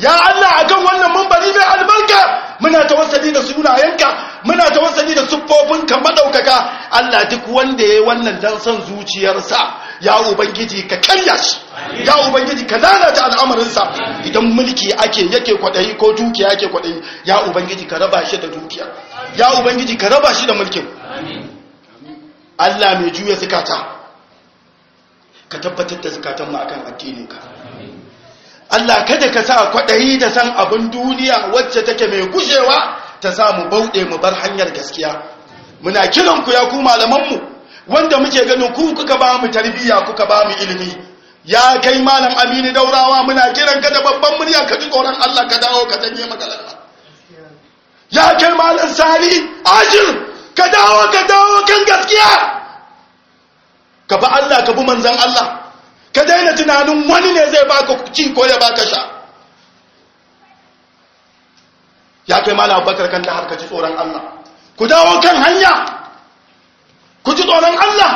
ya Allah a kan wannan mambari mai albarka muna tawassali da sunayenka muna tawassali da siffofin ka madaukaka Allah duk wanda yi wannan dan son zuciyarsa ya ubangiji ka karya shi ya ubangiji ka lalata al'amarinsa idan mulki ake yake kwadayi ko dukiya yake kwadayi ya ubangiji ka raba shi da dukiya ya ubangiji ka raba shi da mulkin Allah mai juya zakata ka tabbatar da zakatan mu akan addininka Allah kada ka sa kwaɗayi da san abin duniya wacce take mai gushewa ta sa mu bauɗe mu bar hanyar gaskiya muna kiran ku ya ku malamanmu wanda muke ganin ku kuka ba mu tarbiyya kuka ba mu ilimi ya kai malam aminu daurawa muna kiran ka da babban murya ka ji tsoron Allah ka dawo ka janye maganar ya kai malam sali ajir ka dawo ka dawo kan gaskiya ka bi Allah ka bi manzon Allah ka daina tunanin wani ne zai baka ci ko ya baka sha ya kai mala abubakar kan har ka ci tsoron Allah ku dawo kan hanya ku ji tsoron Allah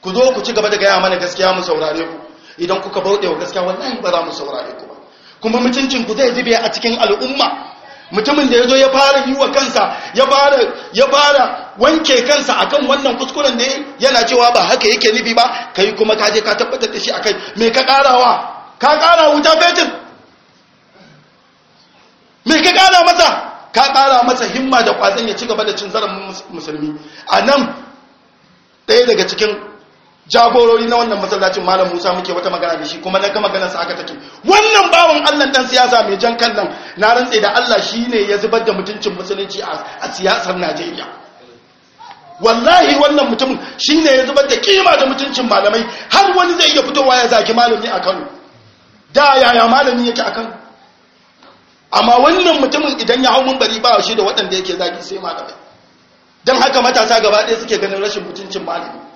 ku zo ku ci gaba da gaya mana gaskiya mu saurare ku idan kuka bauɗe wa gaskiya wallahi ba za mu saurare ku ba kuma mutuncin ku zai zube a cikin al'umma mutumin da ya zo ya fara yi wa kansa ya fara wanke kansa akan wannan kuskuren da yana cewa ba haka yake nufi ba kai kuma ka je ka tabbatar da shi akai me ka karawa ka kara wuta fetur me ka kara masa ka kara masa himma da kwazon ya ci gaba da cin zarar musulmi a nan ɗaya daga cikin jagorori na wannan masallacin malam Musa muke wata magana da shi kuma na ga maganar sa aka take wannan bawon Allah dan siyasa mai jan kallon na rantse da Allah shine ya zubar da mutuncin musulunci a siyasar Najeriya wallahi wannan mutum shine ya zubar da kima da mutuncin malamai har wani zai iya fitowa ya zaki malami a Kano da yaya malami yake a Kano amma wannan mutumin idan ya hau mun bari ba shi da waɗanda yake zaki sai malamai dan haka matasa gaba ɗaya suke ganin rashin mutuncin malami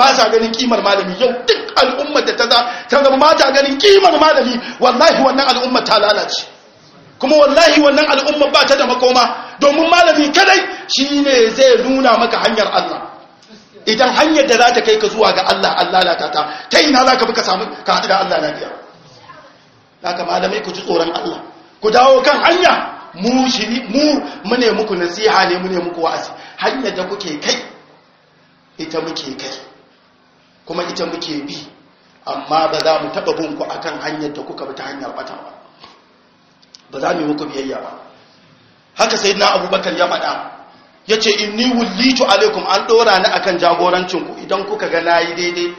ba sa ganin kimar malami yau duk al'ummar da ta zama ba ta ganin kimar malami wallahi wannan al'ummar ta lalace kuma wallahi wannan al'ummar ba ta da makoma domin malami kadai shi ne zai nuna maka hanyar Allah idan hanyar da za ta kai ka zuwa ga Allah Allah lalata ta ina za ka fi ka samu ka haɗu da Allah lafiya haka malamai ku ji tsoron Allah ku dawo kan hanya mu shiri mu mune muku nasiha ne mune muku wa'azi hanyar da kuke kai ita muke kai kuma ita muke bi amma ba za mu taɓa bin ku akan hanyar da kuka bi ta hanyar bata ba ba za mu yi muku biyayya ba haka sai na abubakar ya faɗa ya ce inni wullitu alaikum an ɗora ni akan jagorancinku idan kuka ga na yi daidai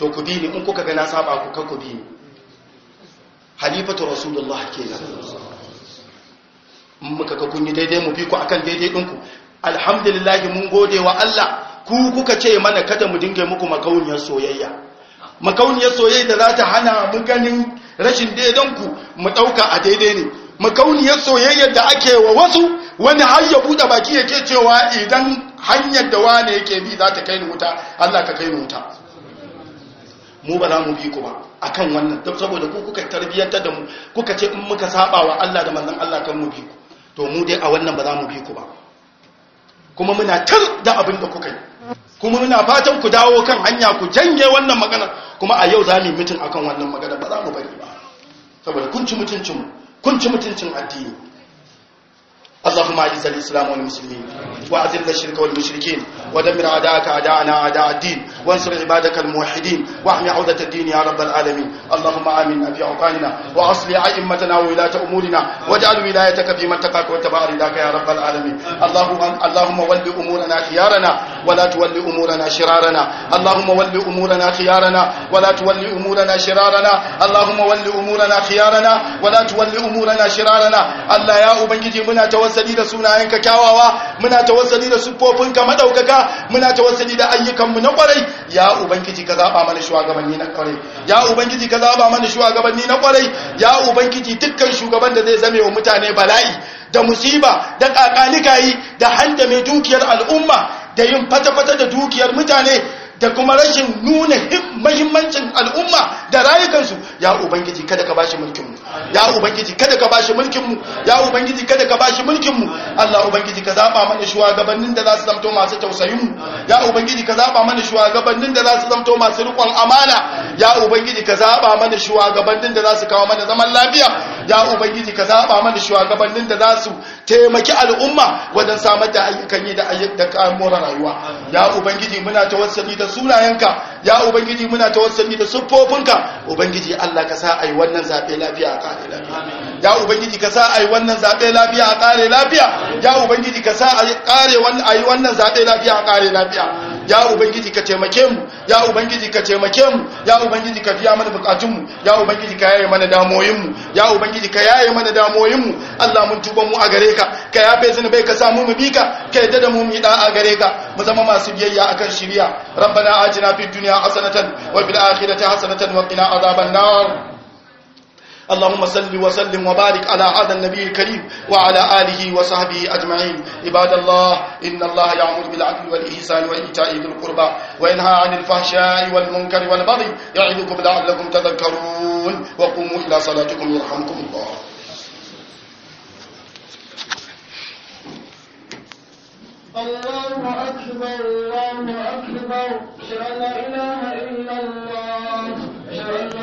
to ku bi ni in kuka ga na saba ku ka ku bi ni halifatu rasulullah kenan muka ga kun yi daidai mu bi ku akan daidai ɗinku alhamdulillah mun gode wa Allah ku kuka ce mana kada mu dinga muku makauniyar soyayya makauniyar soyayya da za ta hana mu ganin rashin daidanku mu ɗauka a daidai ne makauniyar soyayya da ake wa wasu wani har ya bude baki yake cewa idan hanyar da wani yake bi za ta kai ni wuta Allah ka kai ni wuta mu ba za mu bi ku ba akan wannan saboda ku kuka tarbiyyantar da mu kuka ce in muka saba wa Allah da manzon Allah kan mu bi ku to mu dai a wannan ba za mu bi ku ba kuma muna tar da abin da kuka yi kuma muna fatan ku dawo kan hanya ku janye wannan magana kuma a yau za mu mitin akan wannan magana ba za mu bari ba saboda kun ci mutuncin kun ci mutuncin addini Allahumma a'izzal islam wal muslimin wa azil shirka wal mushrikeen ودمر أعداءك أعداءنا أعداء الدين وانصر عبادك الموحدين واحمي عودة الدين يا رب العالمين اللهم آمين في أوطاننا وأصل أئمتنا وولاة أمورنا واجعل ولايتك في من تقاك واتبع رضاك يا رب العالمين اللهم اللهم ول أمورنا خيارنا ولا تول أمورنا شرارنا اللهم ول أمورنا خيارنا ولا تول أمورنا شرارنا اللهم ول أمورنا خيارنا ولا تول أمورنا شرارنا الله يا أبنجي منا توسلي لسونا ينك كاواوا منا توسلي لسبوبنك مدوكك muna muna tawassuli da ayyukanmu na kwarai ya ubangiji ka zaba mana shugabanni na kwarai ya ubangiji ka zaba mana shugabanni na kwarai ya ubangiji dukkan shugaban da zai zame wa mutane bala'i da musiba da kakalikayi da handa mai dukiyar al'umma da yin fata-fata da dukiyar mutane da kuma rashin nuna mahimmancin al'umma da rayukansu ya ubangiji kada ka bashi mulkinmu ya ubangiji kada ka bashi mulkinmu ya ubangiji kada ka bashi mulkinmu Allah ubangiji ka zaba mana shugabannin da za su zamto masu tausayinmu ya ubangiji ka zaba mana shugabannin da za su zamto masu rikon amana ya ubangiji ka zaba mana shugabannin da za su kawo mana zaman lafiya ya ubangiji ka zaba mana shugabannin da za su taimaki al'umma wajen samar da ayyukan yi da ayyukan da rayuwa ya ubangiji muna tawassuli da sunayenka ya ubangiji muna tawassuli da siffofinka ubangiji Allah ka sa ai wannan zabe lafiya a kare lafiya ya ubangiji ka sa ai wannan zabe lafiya a kare lafiya ya ubangiji ka sa ai kare wannan ai wannan zabe lafiya a kare lafiya ya ubangiji ka taimake mu ya ubangiji ka taimake mu ya ubangiji ka biya mana bukatun mu ya ubangiji ka yaye mana damoyin mu ya ubangiji ka yaye mana damoyin mu Allah mun tuba mu a gare ka ka yafe bai ka samu mu bika ka yadda da mu mu da a gare ka mu zama masu biyayya akan shiriya rabbana atina fid dunya hasanatan wa fil akhirati hasanatan wa qina adhaban nar اللهم صل وسلم وبارك على هذا النبي الكريم وعلى آله وصحبه أجمعين عباد الله إن الله يعمل بالعدل والإحسان وإيتاء ذي القربى وينهى عن الفحشاء والمنكر والبغي يعظكم لعلكم تذكرون وقوموا إلى صلاتكم يرحمكم الله الله أكبر الله أكبر أشهد أن لا إله إلا الله